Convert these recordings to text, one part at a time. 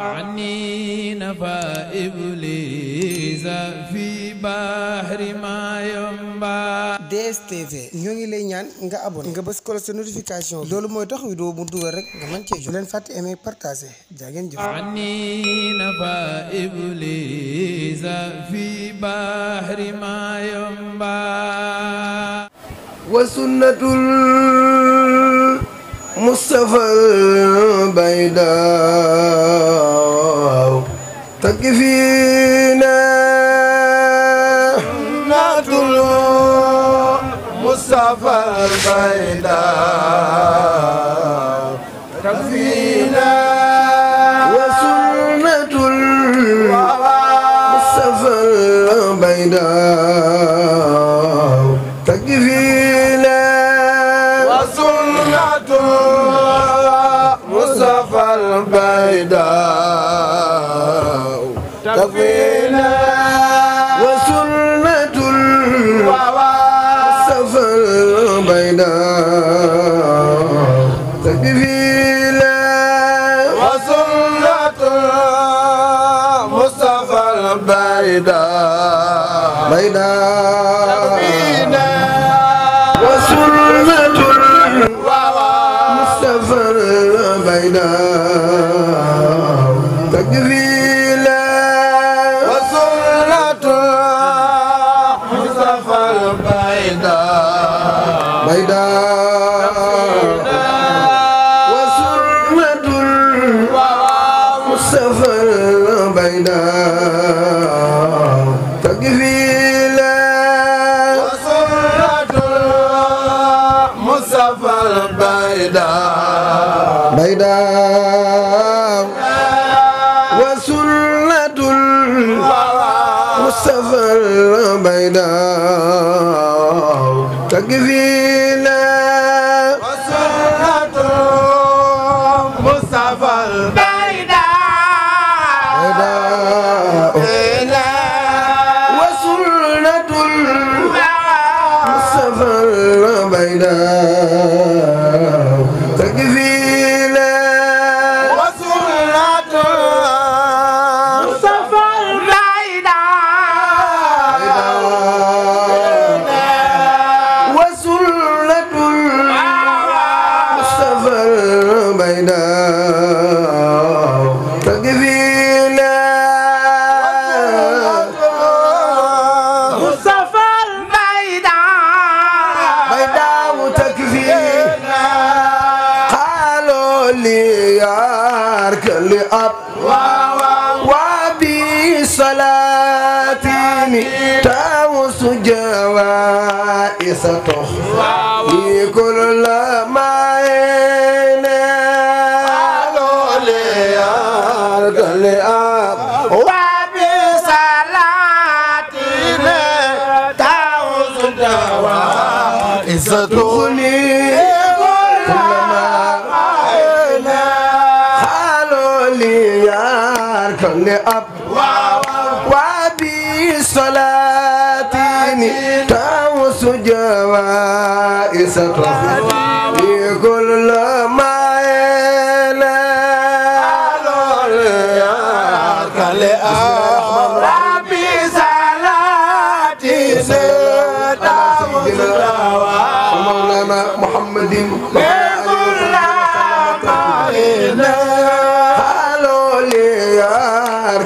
عنين فإبليس في بحر ما ينبع DSTV ñoo ngi lay ñaan nga abonné nga bës ko la sa loolu mooy tax vidéo mu dugal rek nga mën cee jot leen fàtte aimer partager jaa ngeen jëf عنين فإبليس في بحر ما ينبع وسنة مصطفى البيداء تكفينا نطلع مصطفى البيداء تكفينا وسنة المصطفى البيداء bayda إله Santo.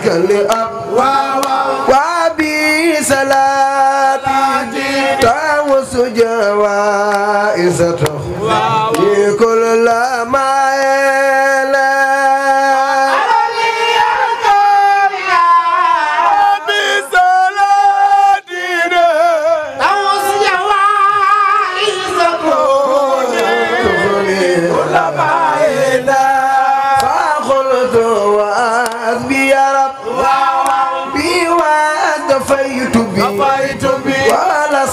لك الأبواب وبي سلامي تعوس جوائز تخوى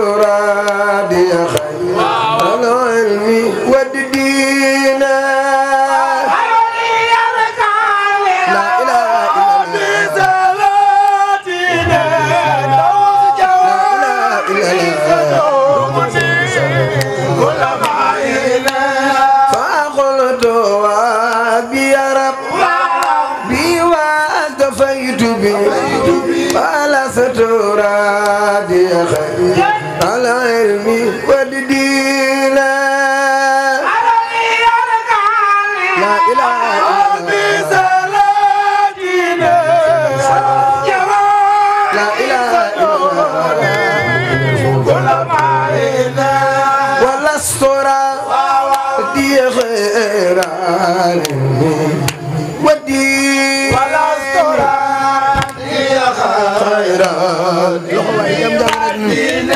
رادي استرا ودي غيران ودي ولا استرا ودي غيران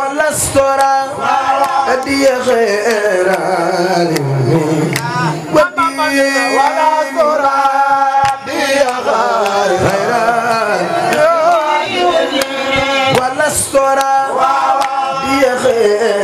ولا استرا ودي غيران ودي ولا استرا ودي غيران ولا استرا ودي غيران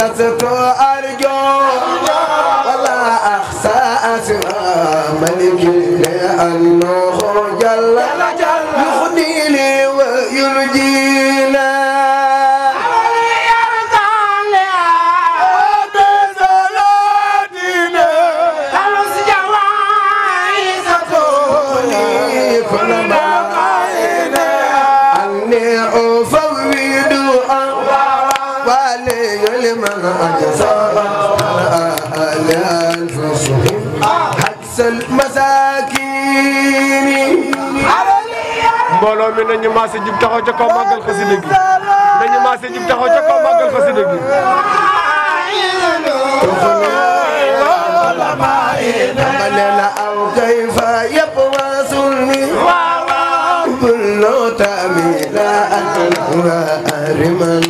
let's go mbooloo mi nañu maase jub taxaw ca kaw màggal xasida gi nañu maase jub taxaw ca kaw màggal xasida gi la aw kayfa yëpp waasul mi waaw waaw kullu tamila ak riman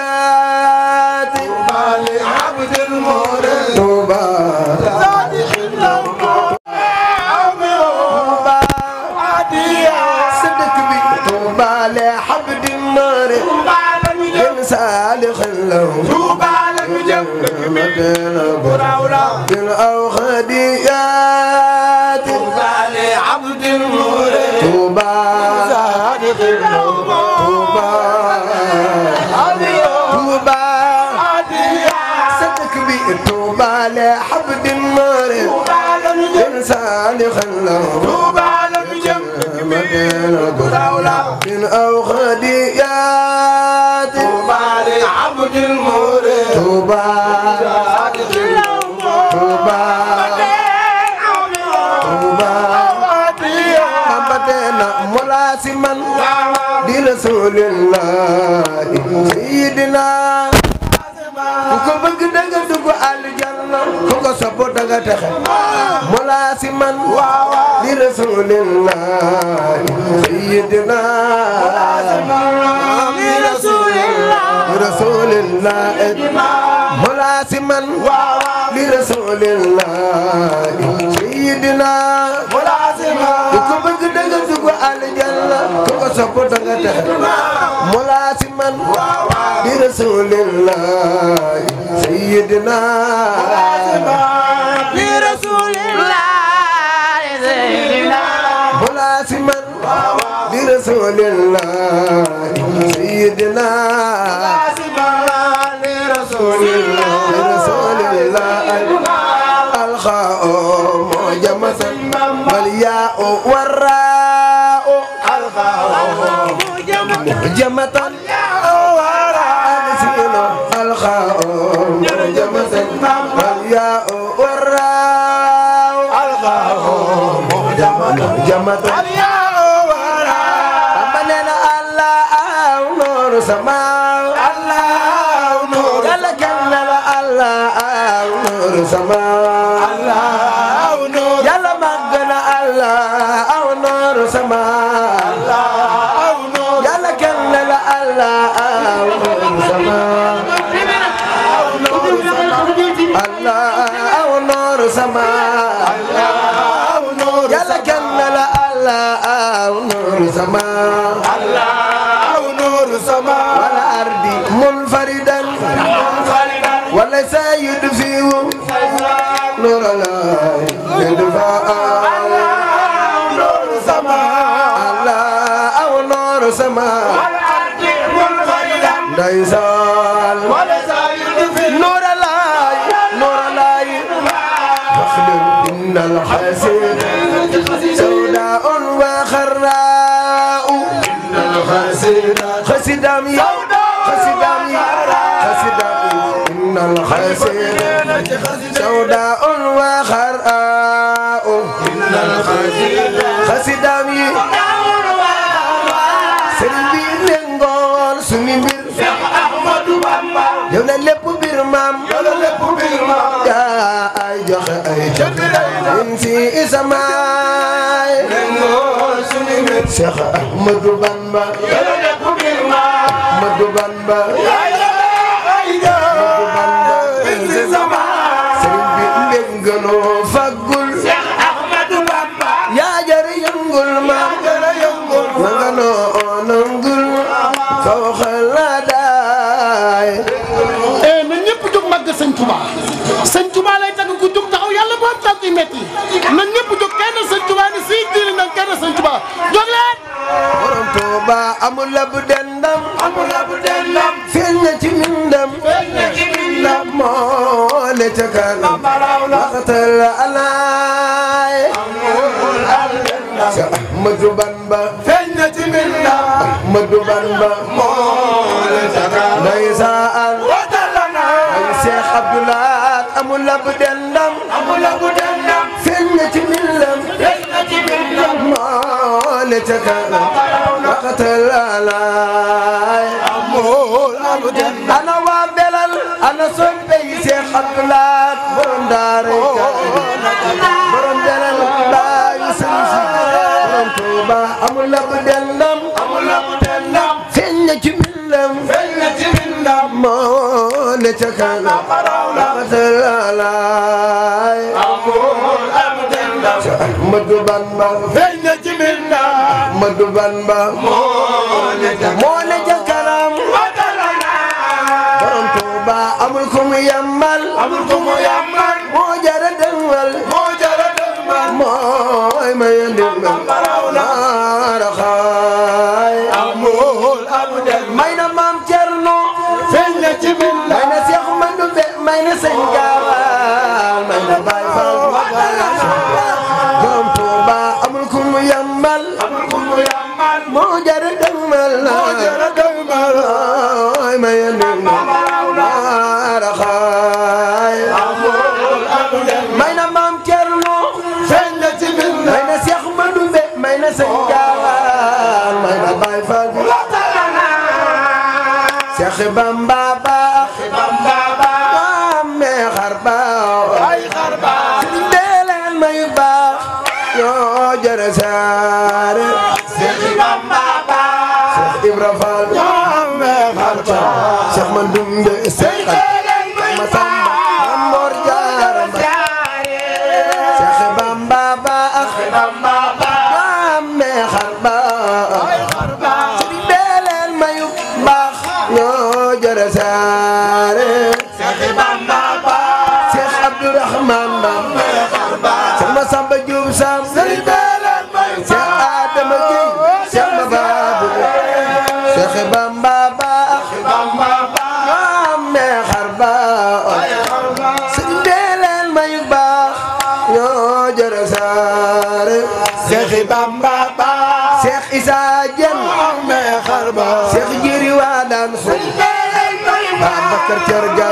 طوبى لحبد النار بن صالح له طوبى لك جنبك من براورا بالأوخديات لعبد النور توبا صالح له توبا طوبى صدق بي طوبى لحبد النار بن صالح له طوبى محمد من أوخديات عبد الله سيدنا ku ko sopp danga texe mola si man li rasulillah sayyidina li rasulillah rasulillah mola si man li rasulillah sayyidina man ku ko bëgg danga dugg aljanna ku ko sopp محمد برسول الله سيدنا برسول الله سيدنا برسول الله الأنبياء والراو ألقاهم مهجمة جمة أنبياء والراو أمننا الله نور سماو الله نور يلا كمل الله نور سماو الله نور يلا مجنا الله نور سماو زمان الله نور زمان يلا كمل الله نور زمان خسيرة سوداء وخراء إن الخسيرة خسدامي سربي لنغول سني مير شيخ أحمد بامبا يونا لب بير مام يونا لب بير مام يا أيها أيها إنتي إسماي لنغول سني مير شيخ أحمد بامبا يونا لب بير مام أحمد بامبا Touba lay tagg ku jug taxaw yàlla boo tànk yu métti nan ñëpp jóg kenn sëñ Touba ni si diiri nan kenn sëñ Touba jóg leen borom Touba amul bu dendam amul la na ci mindam feeñ na ci mindam moo le ca kanam waxtal alaay amul amul ab dendam amul ab dendam feeñ ci millam feeñ ci millam maa ne ca kanam alaay amul ab dendam ana waa ana soppe see xatulaat borom daara borom belal tuuba amul ab dendam amul ab dendam feeñ ci millam feeñ ci millam maa ne ca Ahmadu Bamba feeñ na ci mbir moo ne moo jar a dëgmal moo jar a dëgmal ay ma yéen may na maam Thierno feeñ na ci biir may na Cheikh Madou Mbe may na sëñ Gaawaan may na Baye Fall Cheikh Bamba saare Dr. Cherga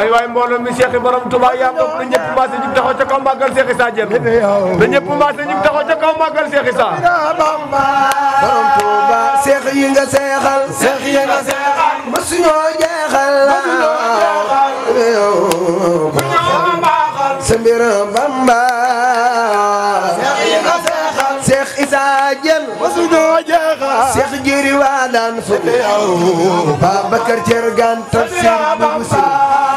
ay waay mbooloo mi Cheikh borom Touba yaa bokk na ñëpp mbaase ñu taxaw ca kaw màggal Cheikh Issa Dieng na ñëpp mbaase ñu taxaw ca kaw màggal Cheikh Issa borom Touba Cheikh yi nga seexal Cheikh yi nga seexal masuñoo jeexal masuñoo jeexal sa mbir Bamba jenn masuñoo jeexal Cheikh Jiri waa daan fële Babacar Thier gan tafsir bu si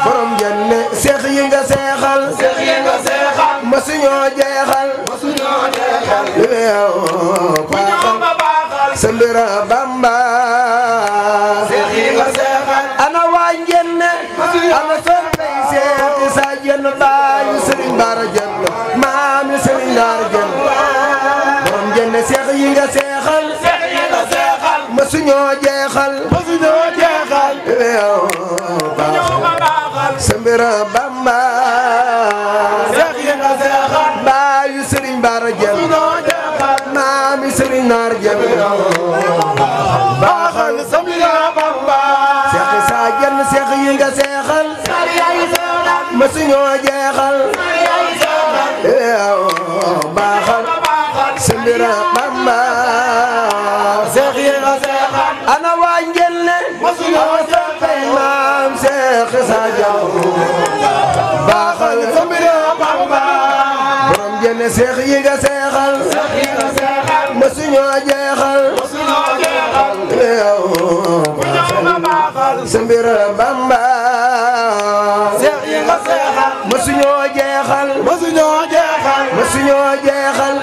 borom jenne Cheikh yi seexal Cheikh yi seexal masuñoo jeexal masuñoo seexal ana waa jenne ana soppay Cheikh sa jenn baayu Serigne Bara jenn maami Serigne Naar yi nga seexal. seex yi nga seexal. masuñoo jeexal. masuñoo jeexal. yow baaxal. sa mbira Bamba. seex yi nga seexal. baayu Serigne Bara Dieng. masuñoo jeexal. maami Serigne Naar Dieng. baaxal sa mbira Bamba. seex sa jenn seex yi nga seexal. seex yi nga seexal. masuñoo jeexal. seex yi nga seexal masuñoo jeexal sa mbir Bamba seex yi nga seexal masuñoo jeexal masuñoo jeexal masuñoo jeexal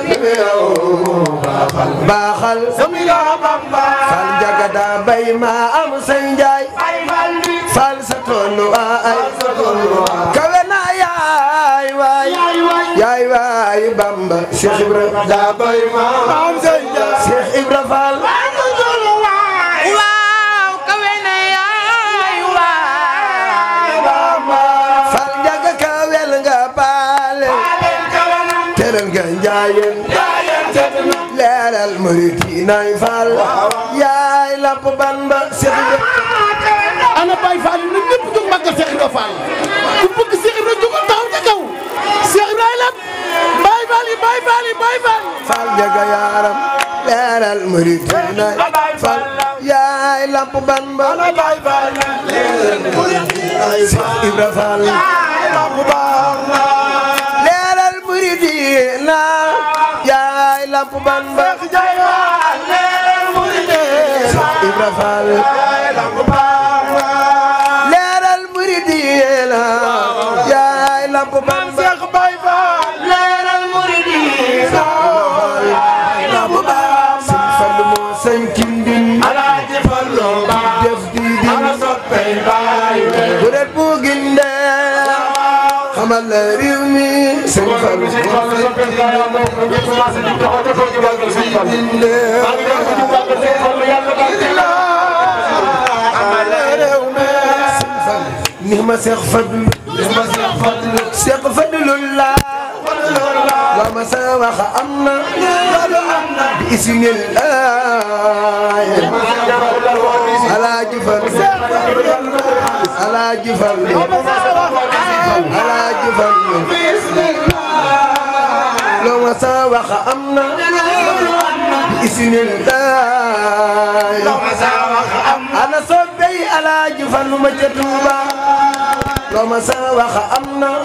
baaxal sam yoo bamba fal jagada bay ma am njaay fal sa tollu ay kawe na yaay waay yaay waay bamba Cheikh da bay ma am say njaay Cheikh Ibra Fall Fal jaga kawel nga baale teral njaayen leeral murid yi nooy faal yaay lamp Bamba Seex Ibra ana Baay Faal yi nag ñëpp jóg màggal Seex Ibra Faal ku bëgg Seex Ibra jóg taxaw ca kaw Seex Ibra lamp Baay Faal yi Baay Faal yi Baay Faal faal jaga yaaram leeral murid yi nooy faal yaay lamp Bamba Baay Faal leeral murid yi nooy faal Seex Ibra Faal yaay lamp Bamba leeral murid yi naa lamp Bamba jaay waal leeral muride Ibra Fall jaay lamp Bamba leeral muride la jaay lamp Bamba Seex Baay Faal leeral muride jaay lamp Bamba Sëñ Fallu moo sëñ kindin Alaaji Fallu ba def di di ana soppay baay bu ret bu ginde xamal Sëriñ Fallu Sëriñ Fallu soppel ka yàlla ñu ngi commencé di taxaw te foo ñu bàggal Sëriñ Fallu ak ñu ñu bàggal Sëriñ Fallu yàlla bàggal نهما سيخ فضل نهما سيخ فضل سيخ فضل الله وما سواخ أمنا ولو أمنا بإسم الله على جفر على جفر على جفن بسم الله لو مساوخ أمنا بإسم الله لو مساوخ أمنا أنا صبي على جفن مجتوبة لو مساوخ أمنا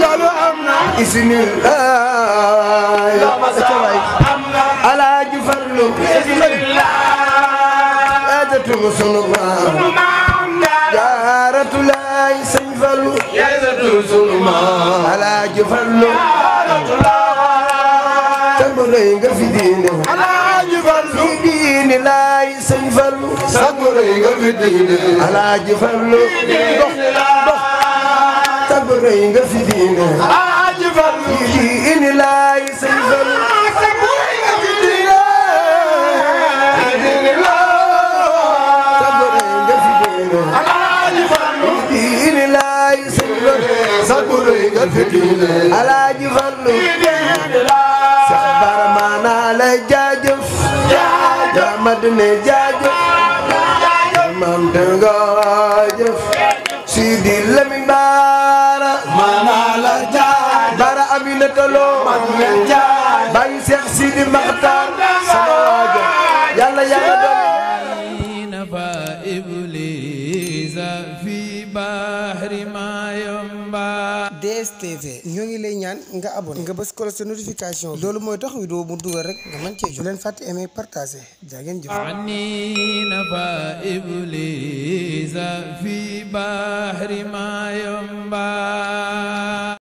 لو أمنا بإسم الله لو مساوخ أمنا على جفن بإسم الله آدت رسول الله جارة ليس fallu yeesatu a maam alaaji fallu tamb doy nga fi diine alaaji fallu diine laay sëñ fallu samb doy nga fi diine alaaji fallu dox dox tamb doy nga fi diine alaaji fallu diine laay saguru nga fi diine alaaji Fallu sax baramaana lay jaajëf ramadine jaajëf maam danga jëf Sidi Lamin Baara maana la jaajëf Baara Aminata Lo baay Seex Sidi Maxtaar DSTV ñoo ngi lay ñaan nga abonné nga bës ko sa notification loolu mooy tax vidéo mu dugal rek nga mën cee jot leen fàtte aimer partager jaa ngeen jëf anina ba iblisa fi bahri ma yomba